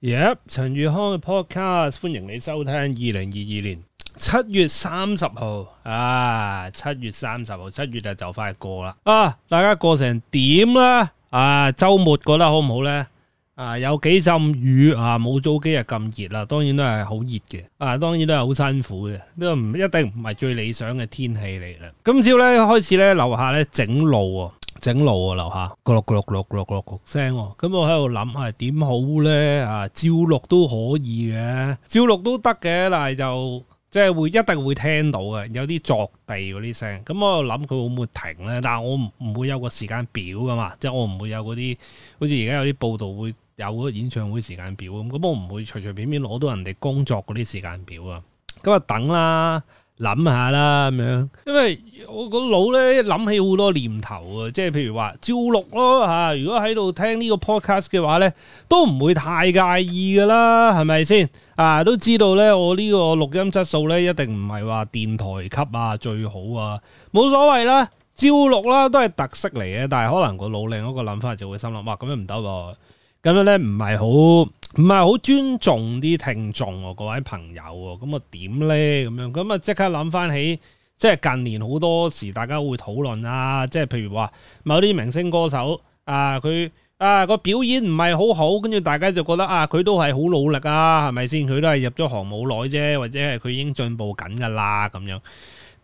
Yep! 陳宇康嘅 podcast，歡迎你收聽。二零二二年七月三十號啊，七月三十號，七月啊就快過啦啊！大家過成點咧？啊，周末過得好唔好呢？啊，有幾陣雨啊，冇早幾日咁熱啦，當然都係好熱嘅啊，當然都係好辛苦嘅，呢個唔一定唔係最理想嘅天氣嚟啦。今朝咧開始咧，樓下咧整路啊、哦。整路啊，樓下咕碌咕碌咕碌咕碌咕碌聲，咁我喺度諗係點好咧？啊，照錄都可以嘅，照錄都得嘅，但係就即係會一定會聽到嘅，有啲作地嗰啲聲。咁我又諗佢會唔會停咧？但係我唔唔會有個時間表噶嘛，即係我唔會有嗰啲好似而家有啲報道會有個演唱會時間表咁，咁我唔會隨隨便便攞到人哋工作嗰啲時間表啊。咁啊等啦。諗下啦，咁樣，因為我個腦咧諗起好多念頭啊，即係譬如話朝六咯，吓，如果喺度聽呢個 podcast 嘅話咧，都唔會太介意噶啦，係咪先？啊，都知道咧，我呢個錄音質素咧一定唔係話電台級啊最好啊，冇所謂啦，朝六啦都係特色嚟嘅，但係可能個腦另外一個諗法就會心諗，哇，咁樣唔得喎。咁樣咧唔係好唔係好尊重啲聽眾喎，啊，各位朋友喎。咁啊點咧咁樣？咁啊即刻諗翻起，即係近年好多時大家會討論啊，即係譬如話某啲明星歌手啊，佢啊個表演唔係好好，跟住大家就覺得啊，佢都係好努力啊，係咪先？佢都係入咗行冇耐啫，或者係佢已經進步緊噶啦咁樣。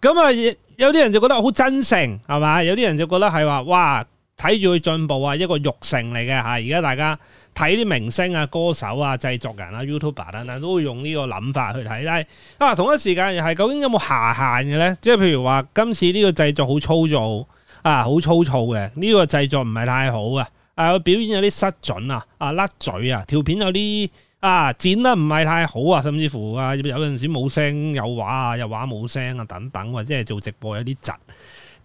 咁啊有啲人就覺得好真誠，係嘛？有啲人就覺得係話哇。睇住佢進步啊！一個欲成嚟嘅吓，而家大家睇啲明星啊、歌手啊、製作人啊、YouTuber 等等，都會用呢個諗法去睇啦。但係啊，同一時間又係究竟有冇下限嘅呢？即係譬如話，今次呢個製作好粗糙啊，好粗糙嘅呢個製作唔係太好啊。表演有啲失準啊，啊甩嘴啊，條片有啲啊剪得唔係太好啊，甚至乎啊有陣時冇聲有畫啊有畫冇聲啊等等，或者係做直播有啲窒。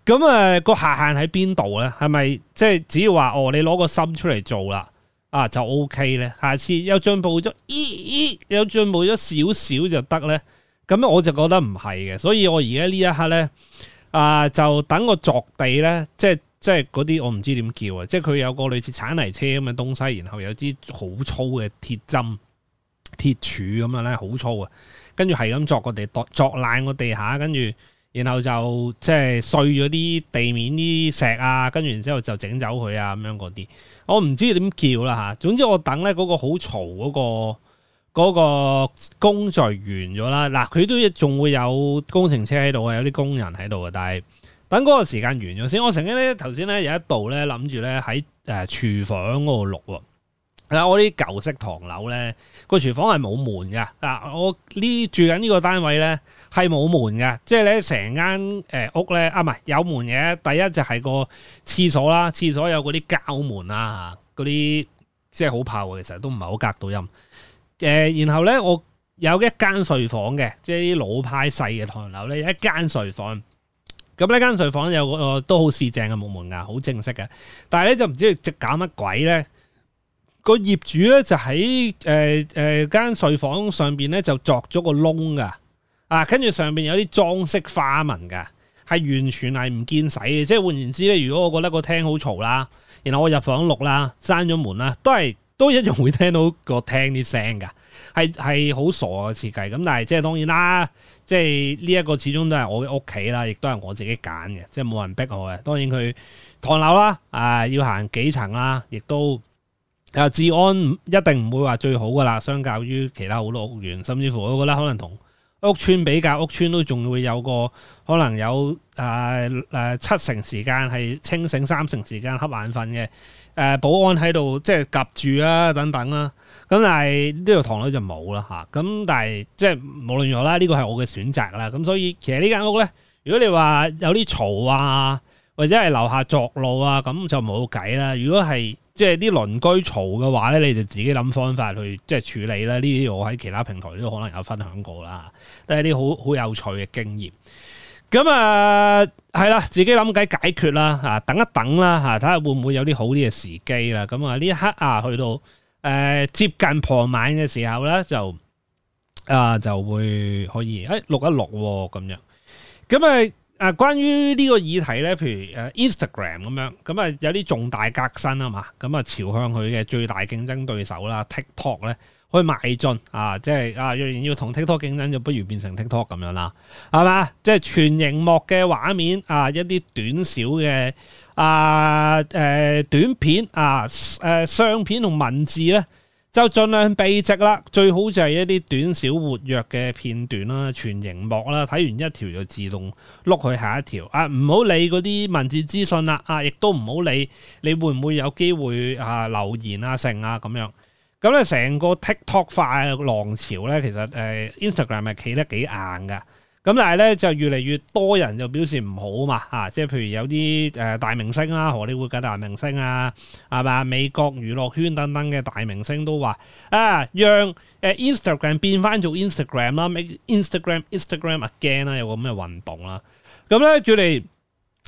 咁啊，個下限喺邊度咧？係咪即係只要話哦，你攞個心出嚟做啦，啊就 O K 咧。下次有進步咗，咦咦，有進步咗少少就得咧。咁我就覺得唔係嘅，所以我而家呢一刻咧啊，就等個掘地咧，即係即係嗰啲我唔知點叫啊，即係佢有個類似鏟泥車咁嘅東西，然後有支好粗嘅鐵針、鐵柱咁樣咧，好粗啊，跟住係咁掘個地，掘掘爛個地下，跟住。然後就即係碎咗啲地面啲石啊，跟住然之後就整走佢啊，咁樣嗰啲，我唔知點叫啦吓。總之我等咧嗰個好嘈嗰個嗰、嗰個工序完咗啦。嗱，佢都仲會有工程車喺度啊，有啲工人喺度啊。但係等嗰個時間完咗先。我成日咧頭先咧有一度咧諗住咧喺誒廚房嗰度錄。我啲舊式唐樓咧，個廚房係冇門噶。我呢住緊呢個單位咧，係冇門㗎。即係咧，成、呃、間屋咧，啊唔係有門嘅。第一就係個廁所啦，廁所有嗰啲膠門啊，嗰啲即係好怕嘅，其實都唔係好隔到音、呃。然後咧，我有一間睡房嘅，即係啲老派細嘅唐樓咧，一間睡房。咁呢間睡房有個都好似正嘅，木門噶，好正式嘅。但係咧就唔知直搞乜鬼咧。個業主咧就喺誒誒間睡房上邊咧就鑿咗個窿噶，啊跟住上邊有啲裝飾花紋噶，係完全係唔見使嘅。即係換言之咧，如果我覺得個廳好嘈啦，然後我入房錄啦，閂咗門啦，都係都一樣會聽到個廳啲聲噶，係係好傻嘅設計。咁但係即係當然啦，即係呢一個始終都係我嘅屋企啦，亦都係我自己揀嘅，即係冇人逼我嘅。當然佢唐樓啦，啊要行幾層啦，亦都。啊、治安一定唔會話最好噶啦，相較於其他好多屋苑，甚至乎我覺得可能同屋邨比較，屋邨都仲會有個可能有誒誒、啊啊、七成時間係清醒，三成時間瞌眼瞓嘅。誒、啊，保安喺度即係夾住啊，等等啊。咁但係呢度唐樓就冇啦吓。咁、啊、但係即係無論如何啦，呢個係我嘅選擇啦。咁所以其實這間呢間屋咧，如果你話有啲嘈啊，或者係樓下作路啊，咁就冇計啦。如果係，即係啲鄰居嘈嘅話咧，你就自己諗方法去即係處理啦。呢啲我喺其他平台都可能有分享過啦，都係啲好好有趣嘅經驗。咁啊，係啦，自己諗計解決啦，啊，等一等啦，嚇，睇下會唔會有啲好啲嘅時機啦。咁啊，呢一刻啊，去到誒、呃、接近傍晚嘅時候咧，就啊、呃、就會可以誒、哎、錄一錄喎、哦，咁樣咁咪。咁啊，關於呢個議題咧，譬如 Instagram 咁樣，咁啊有啲重大革新啊嘛，咁啊朝向佢嘅最大競爭對手啦，TikTok 咧去埋進啊，即係啊，若然要同 TikTok 競爭，就不如變成 TikTok 咁樣啦，係嘛？即係全螢幕嘅畫面啊，一啲短小嘅啊、呃、短片啊、呃、相片同文字咧。就盡量避席啦，最好就係一啲短小活躍嘅片段啦，全熒幕啦，睇完一條就自動碌去下一條，啊唔好理嗰啲文字資訊啦，啊亦都唔好理會你會唔會有機會啊留言啊成啊咁樣，咁咧成個 TikTok 化浪潮咧，其實誒 Instagram 係企得幾硬噶。咁但係咧就越嚟越多人就表示唔好嘛啊！即係譬如有啲誒大明星啦，荷里活嘅大明星啊，係咪啊？美國娛樂圈等等嘅大明星都話啊，讓誒 Instagram 變翻做 Instagram 啦，make Instagram Instagram again 啦，有個咩運動啦。咁咧最嚟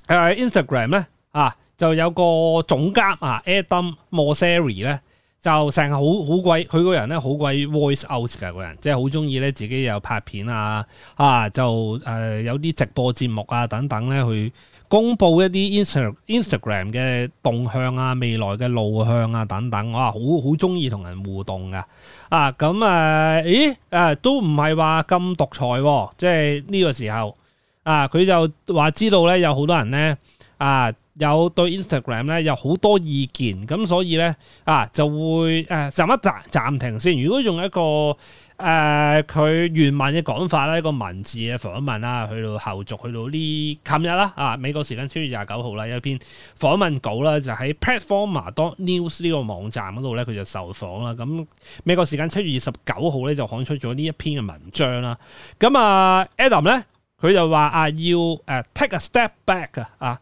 誒 Instagram 咧啊，就有個總監啊，Adam Mosseri 咧。就成日好好鬼，佢個人咧好鬼 voice out 嘅個人，即係好中意咧自己有拍片啊，啊就、呃、有啲直播節目啊等等咧，去公布一啲 Instagram 嘅動向啊、未來嘅路向啊等等，我話好好中意同人互動噶，啊，啊咁啊，咦啊都唔係話咁獨裁，啊，即係呢個時候啊，佢就話知道咧有好多人咧。啊，有對 Instagram 咧有好多意見，咁所以咧啊就會誒、啊、暫一暫停先。如果用一個誒佢、啊、原文嘅講法咧，一個文字嘅訪問啦，去到後續去到呢琴日啦，啊美國時間七月廿九號啦，有一篇訪問稿啦，就喺 Platformer.news 呢個網站嗰度咧，佢就受訪啦。咁、啊、美國時間七月二十九號咧就刊出咗呢一篇嘅文章啦。咁啊 Adam 咧，佢就話啊要誒、啊、take a step back 啊。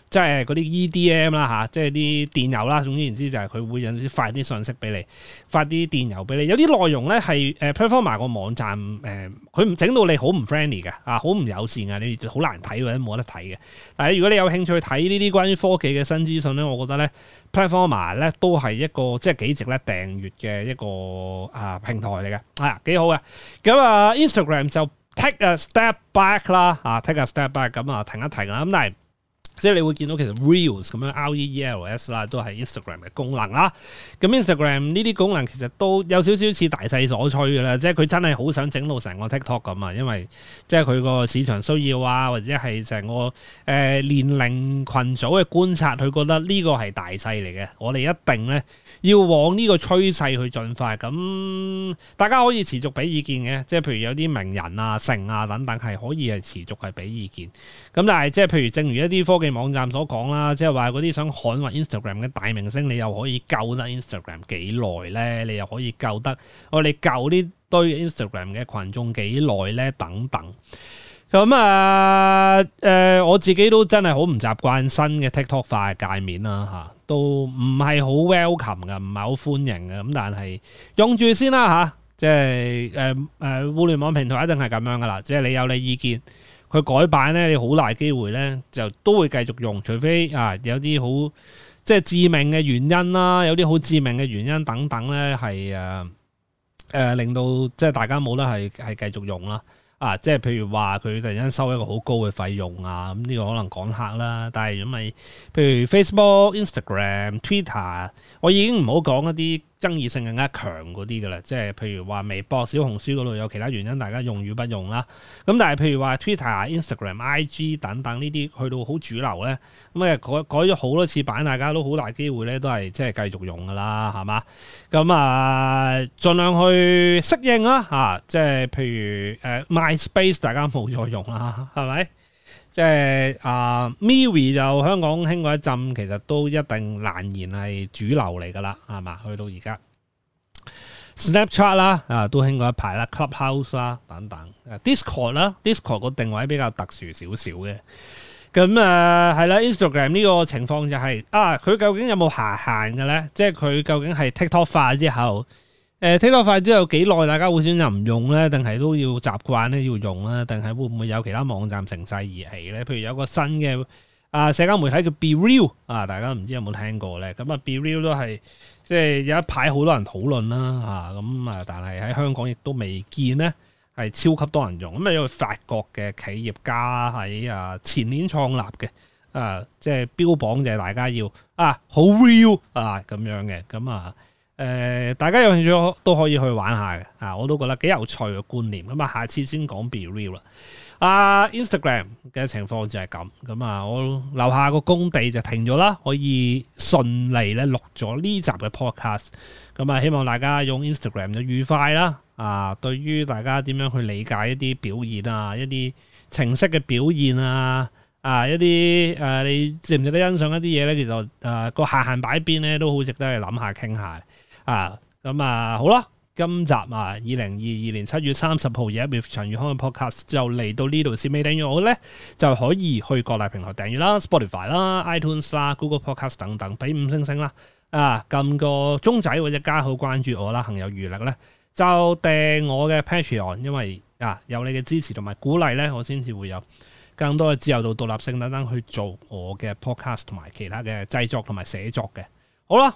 即係嗰啲 EDM 啦、啊、嚇，即係啲電郵啦，總之言之就係佢會有啲發啲信息俾你，發啲電郵俾你。有啲內容咧係誒 Platformer 個網站誒，佢唔整到你好唔 friendly 嘅，啊好唔友善嘅，你好難睇或者冇得睇嘅。但係如果你有興趣睇呢啲關於科技嘅新資訊咧，我覺得咧 Platformer 咧都係一個即係、就是、幾值咧訂閱嘅一個啊平台嚟嘅，係、啊、幾好嘅。咁啊 Instagram 就 take a step back 啦、啊，啊 take a step back，咁啊停一停啦，咁、啊、嚟。但是即係你會見到其實 reels 咁樣 r e e l s 啦，都係 Instagram 嘅功能啦。咁 Instagram 呢啲功能其實都有少少似大勢所趨嘅啦。即係佢真係好想到整到成個 TikTok 咁啊，因為即係佢個市場需要啊，或者係成個誒、呃、年齡群組嘅觀察，佢覺得呢個係大勢嚟嘅。我哋一定咧要往呢個趨勢去進發。咁大家可以持續俾意見嘅，即係譬如有啲名人啊、成啊等等係可以係持續係俾意見，咁但係即係譬如正如一啲科技網站所講啦，即係話嗰啲想捍衞 Instagram 嘅大明星，你又可以救得 Instagram 幾耐呢？你又可以救得我哋救呢堆 Instagram 嘅群眾幾耐呢？等等。咁啊，誒、呃、我自己都真係好唔習慣新嘅 TikTok 化界面啦，嚇、啊、都唔係好 welcome 嘅，唔係好歡迎嘅。咁但係用住先啦，嚇、啊、即係誒誒互聯網平台一定係咁樣噶啦，即係你有你意見。佢改版咧，你好大機會咧，就都會繼續用，除非啊有啲好即係致命嘅原因啦，有啲好致命嘅原因等等咧，係誒誒令到即係大家冇得係係繼續用啦。啊，即係譬如話佢突然間收一個好高嘅費用啊，咁呢個可能趕客啦。但係如果咪，譬如 Facebook、Instagram、Twitter，我已經唔好講一啲，爭議性更加強嗰啲嘅啦，即係譬如話微博、小紅書嗰度有其他原因，大家用與不用啦。咁但係譬如話 Twitter、Instagram、IG 等等呢啲，去到好主流咧，咁誒改改咗好多次版，大家都好大機會咧，都係即係繼續用噶啦，係嘛？咁啊，盡量去適應啦嚇，即係譬如、啊、MySpace 大家冇再用啦，係咪？即係啊 Miri 就香港興過一陣，其實都一定難言係主流嚟噶啦，係嘛？去到而家 Snapchat 啦，啊都興過一排啦，Clubhouse 啦、啊、等等，Discord 啦，Discord 個定位比較特殊少少嘅。咁誒係啦，Instagram 呢個情況就係、是、啊，佢究竟有冇下限嘅咧？即係佢究竟係 TikTok 化之後？誒聽落快之後幾耐，大家會選擇唔用咧，定係都要習慣咧要用啦？定係會唔會有其他網站乘勢而起咧？譬如有一個新嘅啊社交媒體叫 BeReal 啊，大家唔知有冇聽過咧？咁啊 BeReal 都係即係有一排好多人討論啦嚇，咁啊，啊但係喺香港亦都未見咧，係超級多人用咁啊。因為法國嘅企業家喺啊前年創立嘅啊，即係標榜就係大家要啊好 real 啊咁樣嘅，咁啊。大家有興趣都可以去玩下嘅，啊，我都覺得幾有趣嘅觀念。咁啊，下次先講 be real 啦。啊，Instagram 嘅情況就係咁，咁啊，我樓下個工地就停咗啦，可以順利咧錄咗呢集嘅 podcast。咁啊，希望大家用 Instagram 就愉快啦，啊，對於大家點樣去理解一啲表現啊，一啲程式嘅表現啊，啊，一啲、啊、你值唔值得欣賞一啲嘢咧？其實誒、啊，個下限擺邊咧都好值得去諗下傾下。啊，咁、嗯、啊，好啦，今集啊，二零二二年七月三十號嘅一場長遠康嘅 podcast 就嚟到呢度先，未訂閱我呢，就可以去各大平台訂閱啦，Spotify 啦、iTunes 啦、Google Podcast 等等，俾五星星啦。啊，撳個鐘仔或者加好關注我啦，行有餘力呢，就訂我嘅 Patreon，因為啊有你嘅支持同埋鼓勵呢，我先至會有更多嘅自由度、獨立性等等去做我嘅 podcast 同埋其他嘅製作同埋寫作嘅。好啦。